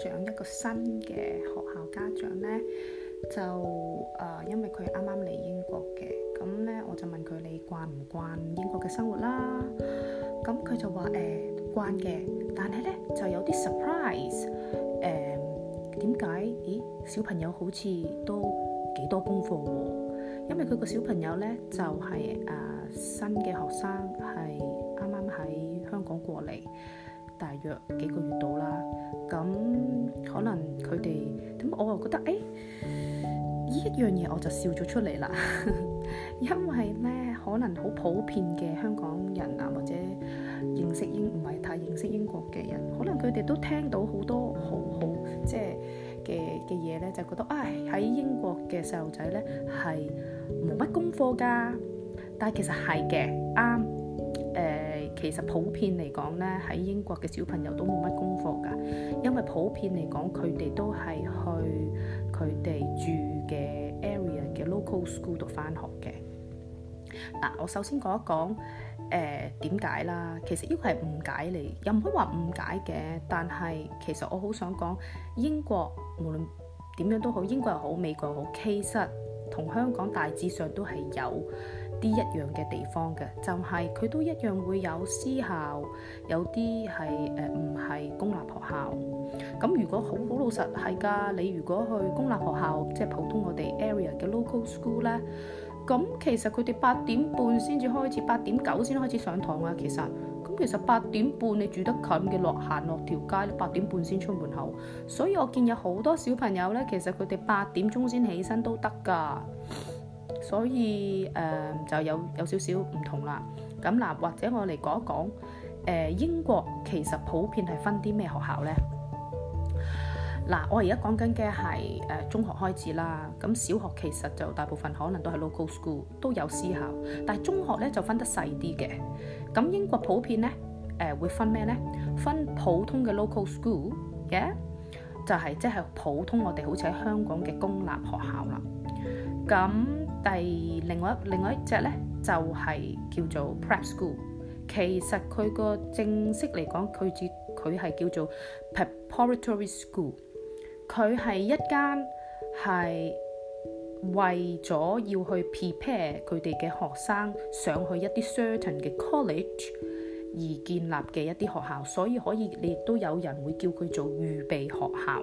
上一個新嘅學校，家長呢就誒，因為佢啱啱嚟英國嘅咁呢，我就問佢你慣唔慣英國嘅生活啦？咁佢就話誒慣嘅，但係呢就有啲 surprise，誒點解？咦，小朋友好似都幾多功課喎？因為佢個小朋友呢就係誒新嘅學生，係啱啱喺香港過嚟，大約幾個月到啦咁。可能佢哋咁，我又覺得誒，依、哎、一樣嘢我就笑咗出嚟啦。因為咩？可能好普遍嘅香港人啊，或者認識英唔係太認識英國嘅人，可能佢哋都聽到好多好好多好好即係嘅嘅嘢咧，就、覺得唉，喺、哎、英國嘅細路仔咧係冇乜功課㗎。但係其實係嘅，啱。其實普遍嚟講咧，喺英國嘅小朋友都冇乜功課㗎，因為普遍嚟講佢哋都係去佢哋住嘅 area 嘅 local school 度返學嘅。嗱、啊，我首先講一講誒點解啦。其實呢個係誤解嚟，又唔可以話誤解嘅。但係其實我好想講英國無論點樣都好，英國又好，美國又好，其實同香港大致上都係有啲一樣嘅地方嘅，就係佢都一樣會有私校，有啲係誒唔係公立學校。咁如果好好老實係㗎，你如果去公立學校，即係普通我哋 area 嘅 local school 呢，咁其實佢哋八點半先至開始，八點九先開始上堂啊。其實，咁其實八點半你住得近嘅落行落條街，八點半先出門口。所以我見有好多小朋友呢，其實佢哋八點鐘先起身都得㗎。所以誒就有有少少唔同啦。咁嗱，或者我嚟講一講誒英國其實普遍係分啲咩學校呢？嗱，我而家講緊嘅係誒中學開始啦。咁小學其實就大部分可能都係 local school，都有私校，但係中學呢就分得細啲嘅。咁英國普遍呢誒會分咩呢？分普通嘅 local school 嘅，就係即係普通我哋好似喺香港嘅公立學校啦。咁第另外一另外一隻呢，就係叫做 prep school。其實佢個正式嚟講，佢只佢係叫做 preparatory school。佢係一間係為咗要去 prepare 佢哋嘅學生上去一啲 certain 嘅 college 而建立嘅一啲學校，所以可以你亦都有人會叫佢做預備學校。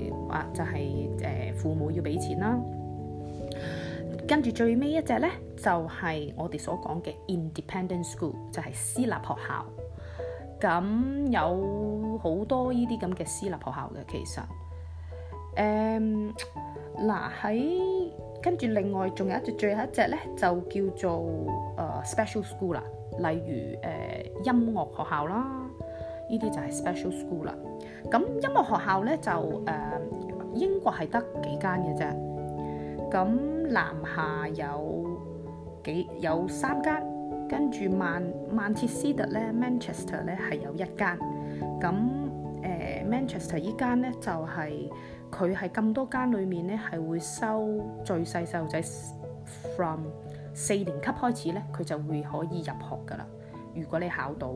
啊，就係誒父母要俾錢啦，跟住最尾一隻咧，就係我哋所講嘅 independent school，就係私立學校。咁有好多呢啲咁嘅私立學校嘅，其實誒嗱喺跟住另外仲有一隻最後一隻咧就叫做誒 special school 啦，例如誒音樂學校啦。呢啲就係 special school 啦。咁音樂學校咧就誒、呃、英國係得幾間嘅啫。咁南下有幾有三間，跟住曼曼徹斯，斯特咧 Manchester 咧係有一間。咁誒 Manchester 依間咧就係佢係咁多間裏面咧係會收最細細路仔 from 四年級開始咧佢就會可以入學㗎喇。如果你考到。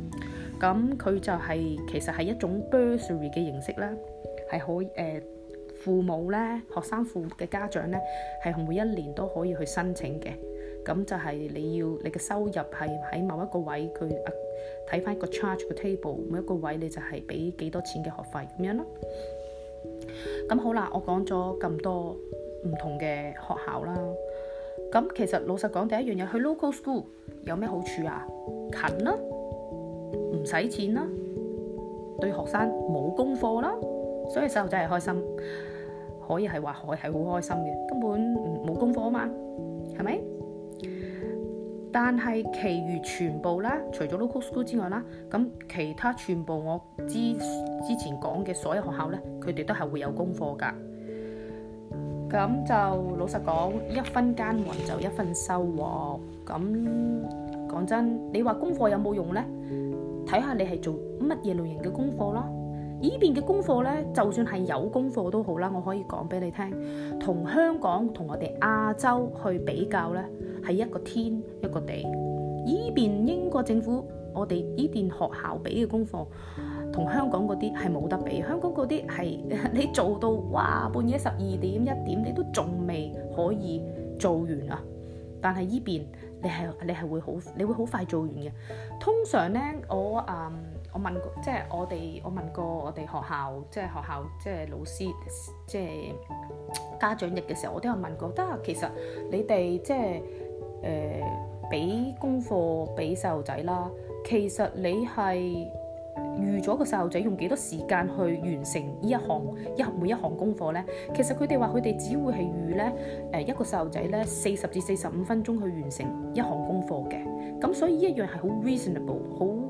咁佢就係其實係一種 bursary 嘅形式啦，係可以誒父母咧、學生父母嘅家長咧，係每一年都可以去申請嘅。咁就係你要你嘅收入係喺某一個位，佢睇翻個 charge 個 table，每一個位你就係俾幾多錢嘅學費咁樣咯。咁好啦，我講咗咁多唔同嘅學校啦。咁其實老實講，第一樣嘢去 local school 有咩好處啊？近咯。唔使錢啦，對學生冇功課啦，所以細路仔係開心，可以係話係係好開心嘅，根本冇功課啊嘛，係咪？但係，其餘全部啦，除咗 local school 之外啦，咁其他全部我之之前講嘅所有學校呢，佢哋都係會有功課㗎。咁就老實講，一分耕耘就一分收穫。咁講真，你話功課有冇用呢？睇下你係做乜嘢類型嘅功課啦，呢邊嘅功課呢，就算係有功課都好啦，我可以講俾你聽，同香港同我哋亞洲去比較呢，係一個天一個地。呢邊英國政府，我哋呢邊學校俾嘅功課，同香港嗰啲係冇得比，香港嗰啲係你做到哇，半夜十二點一點，你都仲未可以做完啊，但係呢邊。你係你係會好，你會好快做完嘅。通常咧，我嗯，um, 我問過即係我哋，我問過我哋學校，即係學校，即係老師，即係家長日嘅時候，我都有問過。得，其實你哋即係誒，俾、呃、功課俾細路仔啦。其實你係。預咗個細路仔用幾多時間去完成呢一行一每一項功課呢？其實佢哋話佢哋只會係預呢誒一個細路仔呢四十至四十五分鐘去完成一項功課嘅。咁所以呢一樣係好 reasonable，好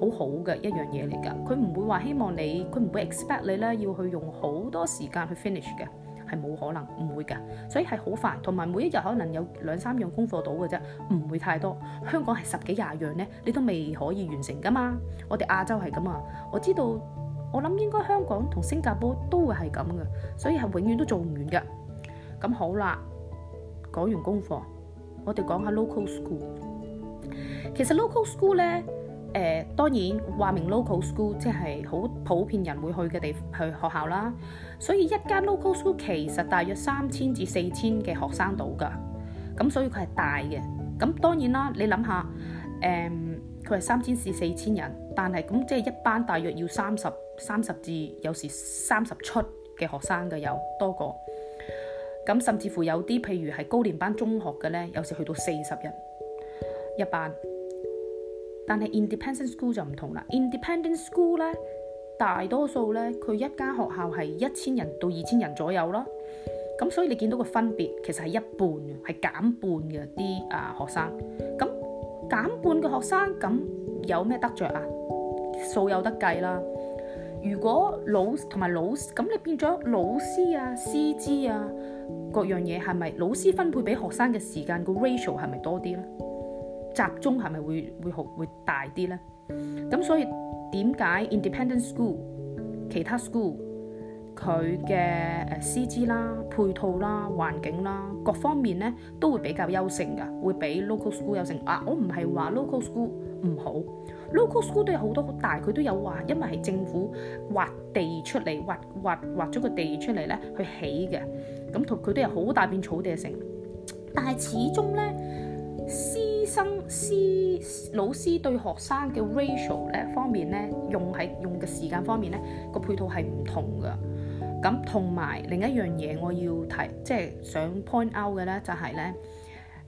好好嘅一樣嘢嚟㗎。佢唔會話希望你，佢唔會 expect 你呢要去用好多時間去 finish 嘅。係冇可能唔會噶，所以係好煩，同埋每一日可能有兩三樣功課到嘅啫，唔會太多。香港係十幾廿樣呢，你都未可以完成噶嘛。我哋亞洲係咁啊，我知道，我諗應該香港同新加坡都會係咁嘅，所以係永遠都做唔完嘅。咁好啦，講完功課，我哋講下 local school。其實 local school 呢。誒、呃、當然話明 local school 即係好普遍人會去嘅地方去學校啦，所以一間 local school 其實大約三千至四千嘅學生到㗎，咁所以佢係大嘅。咁當然啦，你諗下，誒佢係三千至四千人，但係咁即係一班大約要三十、三十至有時三十出嘅學生嘅有多個，咁甚至乎有啲譬如係高年班中學嘅呢，有時去到四十人一班。但係 Independent School 就唔同啦，Independent School 咧，大多數咧，佢一間學校係一千人到二千人左右咯。咁所以你見到個分別，其實係一半，係減半嘅，啲啊學生。咁減半嘅學生，咁有咩得着啊？數有得計啦。如果老同埋老，咁你變咗老師啊、師資啊，各樣嘢，係咪老師分配俾學生嘅時間個 ratio 係咪多啲咧？集中係咪會會好會大啲咧？咁所以點解 independent school 其他 school 佢嘅誒師資啦、配套啦、環境啦各方面咧都會比較優勝㗎，會比 local school 優勝啊。我唔係話 local school 唔好，local school 都有好多好大，佢都有話因為係政府挖地出嚟挖挖挖咗個地出嚟咧去起嘅，咁同佢都有好大片草地嘅成，但係始終咧生師老師對學生嘅 ratio 咧方面咧，用喺用嘅時間方面咧，個配套係唔同嘅。咁同埋另一樣嘢，我要提即係想 point out 嘅咧，就係、是、咧，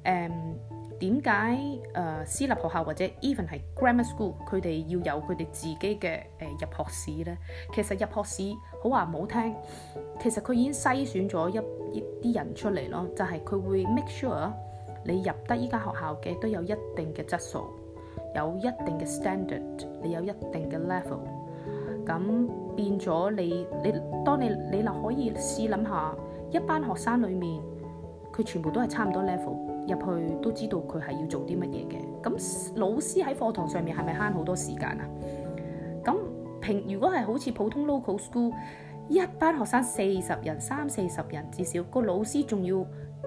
誒點解誒私立學校或者 even 係 grammar school 佢哋要有佢哋自己嘅誒、呃、入學試咧？其實入學試好話唔好聽，其實佢已經篩選咗一啲人出嚟咯，就係、是、佢會 make sure。你入得依間學校嘅都有一定嘅質素，有一定嘅 standard，你有一定嘅 level。咁變咗你你，當你你嗱可以試諗下，一班學生裡面佢全部都係差唔多 level 入去，都知道佢係要做啲乜嘢嘅。咁老師喺課堂上面係咪慳好多時間啊？咁平如果係好似普通 local school，一班學生四十人，三四十人，至少個老師仲要。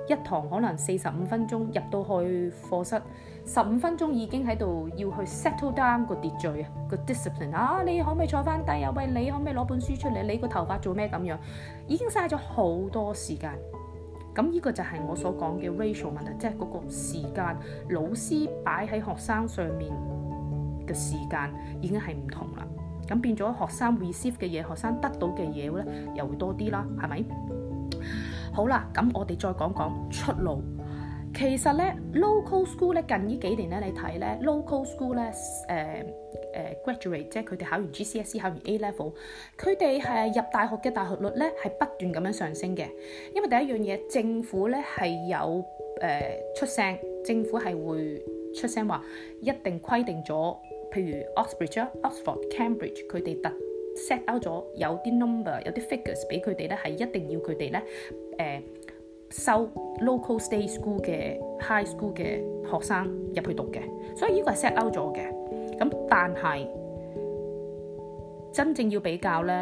一堂可能四十五分鐘，入到去課室，十五分鐘已經喺度要去 settle down 個秩序啊，個 discipline 啊，你可唔可以坐翻低啊？喂，你可唔可以攞本書出嚟？你個頭髮做咩咁樣？已經嘥咗好多時間。咁呢個就係我所講嘅 ratio 問題，即係嗰個時間老師擺喺學生上面嘅時間已經係唔同啦。咁變咗學生 receive 嘅嘢，學生得到嘅嘢咧又會多啲啦，係咪？好啦，咁我哋再講講出路。其實咧，local school 咧近呢幾年咧，你睇咧，local school 咧、呃，誒、呃、誒 graduate，即係佢哋考完 GCSE、考完 A level，佢哋係入大學嘅大學率咧係不斷咁樣上升嘅。因為第一樣嘢，政府咧係有誒、呃、出聲，政府係會出聲話，一定規定咗，譬如 Oxbridge, Oxford、Cambridge，佢哋得。set out 咗有啲 number 有啲 figures 俾佢哋咧，係一定要佢哋咧誒收 local state school 嘅 high school 嘅學生入去讀嘅，所以呢個係 set out 咗嘅。咁但係真正要比較咧，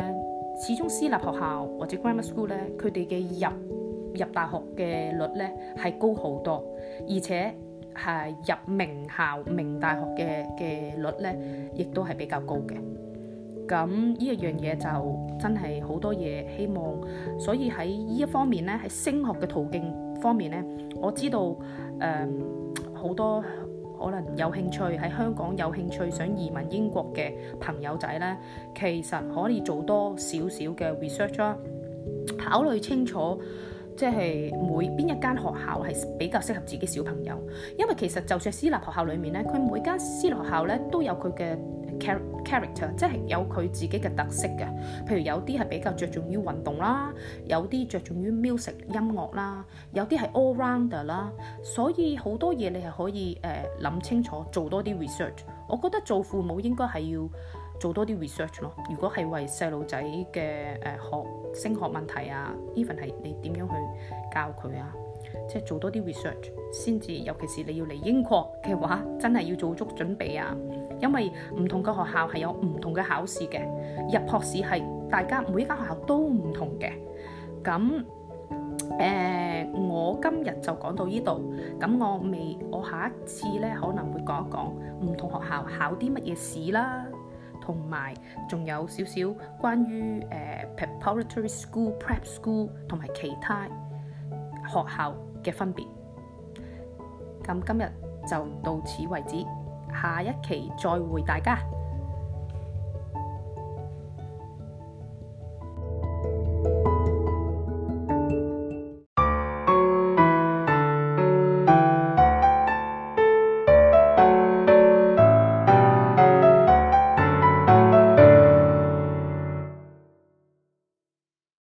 始終私立學校或者 grammar school 咧，佢哋嘅入入大學嘅率咧係高好多，而且係入名校、名大學嘅嘅率咧，亦都係比較高嘅。咁呢一樣嘢就真係好多嘢希望，所以喺呢一方面呢，喺升學嘅途徑方面呢，我知道誒好多可能有興趣喺香港有興趣想移民英國嘅朋友仔呢，其實可以做多少少嘅 research，考慮清楚，即係每邊一間學校係比較適合自己小朋友，因為其實就算私立學校裡面呢，佢每間私立學校呢都有佢嘅。Char- Character 即係有佢自己嘅特色嘅，譬如有啲係比較着重於運動啦，有啲着重於 music 音樂啦，有啲係 all rounder 啦，所以好多嘢你係可以誒諗、呃、清楚，做多啲 research。我覺得做父母應該係要做多啲 research 咯。如果係為細路仔嘅誒學升學問題啊，even 係你點樣去教佢啊，即、就、係、是、做多啲 research 先至，尤其是你要嚟英國嘅話，真係要做足準備啊！因為唔同嘅學校係有唔同嘅考試嘅，入學試係大家每一間學校都唔同嘅。咁誒、呃，我今日就講到呢度。咁我未，我下一次咧可能會講一講唔同學校考啲乜嘢試啦，同埋仲有少少關於誒、呃、preparatory school、prep school 同埋其他學校嘅分別。咁今日就到此為止。下一期再會大家。